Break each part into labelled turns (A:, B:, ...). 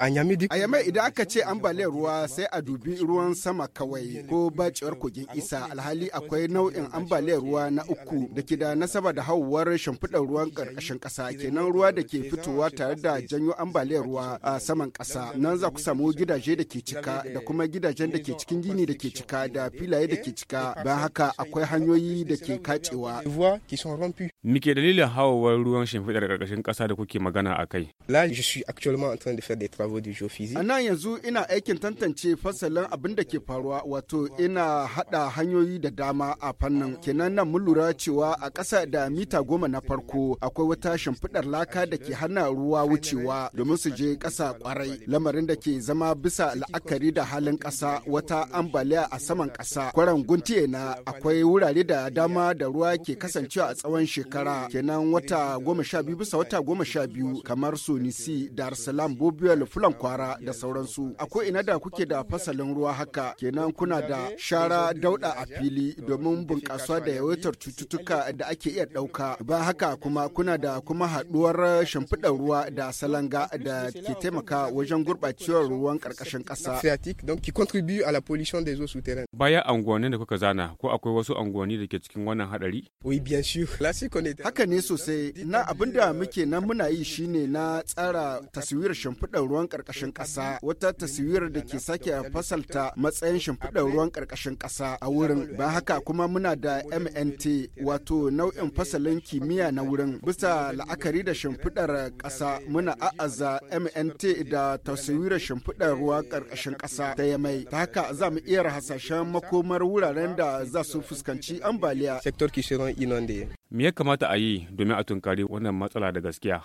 A: A yamai idan aka ce ambaliyar ruwa sai a dubi ruwan sama kawai ko bacewar kogin isa alhali akwai nau'in ambaliyar ruwa na uku da ke da nasaba da hauwar shimfiɗar ruwan ƙarƙashin ƙasa kenan ruwa da ke fitowa tare da janyo ambaliyar ruwa a saman ƙasa nan za ku samu gidaje da ke cika da kuma gidajen da ke cikin gini da ke cika da filaye da ke cika bayan haka akwai hanyoyi da ke kacewa.
B: Mike dalilin hawawar ruwan shimfiɗar ƙarƙashin ƙasa da kuke magana a kai.
A: A nan yanzu ina aikin tantance fasalin abin da ke faruwa wato ina hada hanyoyi da dama a fannin. Kenan nan mun lura cewa a ƙasa da mita goma na farko akwai wata shimfiɗar laka da ke hana ruwa wucewa domin su je ƙasa kwarai. Lamarin da ke zama bisa la'akari da halin ƙasa wata ambaliya a saman ƙasa. Kwaran guntiye na akwai wurare da dama da ruwa ke kasancewa a tsawon shekara. Kenan wata goma sha biyu bisa wata goma sha biyu kamar Sunisi, Dar Salaam, Bobiyo, fulan kwara da sauransu akwai ina da kuke da fasalin ruwa haka kenan kuna da shara dauda a fili domin bunƙasa da yawaitar cututtuka da ake iya ɗauka ba haka kuma kuna da kuma haɗuwar shimfiɗar ruwa da salanga da ke taimaka wajen gurɓacewar ruwan ƙarƙashin ƙasa
B: Baya unguwannin da kuka zana, ko akwai wasu unguwanni da ke cikin wannan hadari?
A: Haka ne sosai, na abin da muke nan muna yi shine na tsara taswirar shimfiɗar ruwan ƙarƙashin ƙasa, wata taswirar da ke sake fasalta matsayin shimfiɗar ruwan ƙarƙashin ƙasa a wurin. Ba haka kuma muna da MNT wato nau'in fasalin kimiyya na wurin. Bisa la'akari da shimfiɗar ƙasa muna a'aza MNT da taswirar shimfiɗar ruwan ƙarƙashin ƙasa ta yamai. Ta haka za mu iya hasashen makomar wuraren da za su fuskanci ambaliya. sektor
B: Me ya kamata a yi domin a tunkari wannan matsala da gaskiya?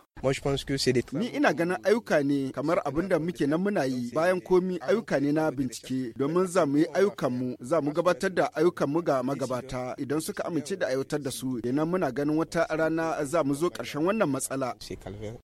A: Ni ina ganin ayyuka ne kamar abin da muke nan muna yi bayan komi ayyuka ne na bincike domin za mu yi ayyukanmu za mu gabatar da ayyukanmu ga magabata idan suka amince da aiwatar da su idan muna ganin wata rana za mu zo ƙarshen wannan matsala.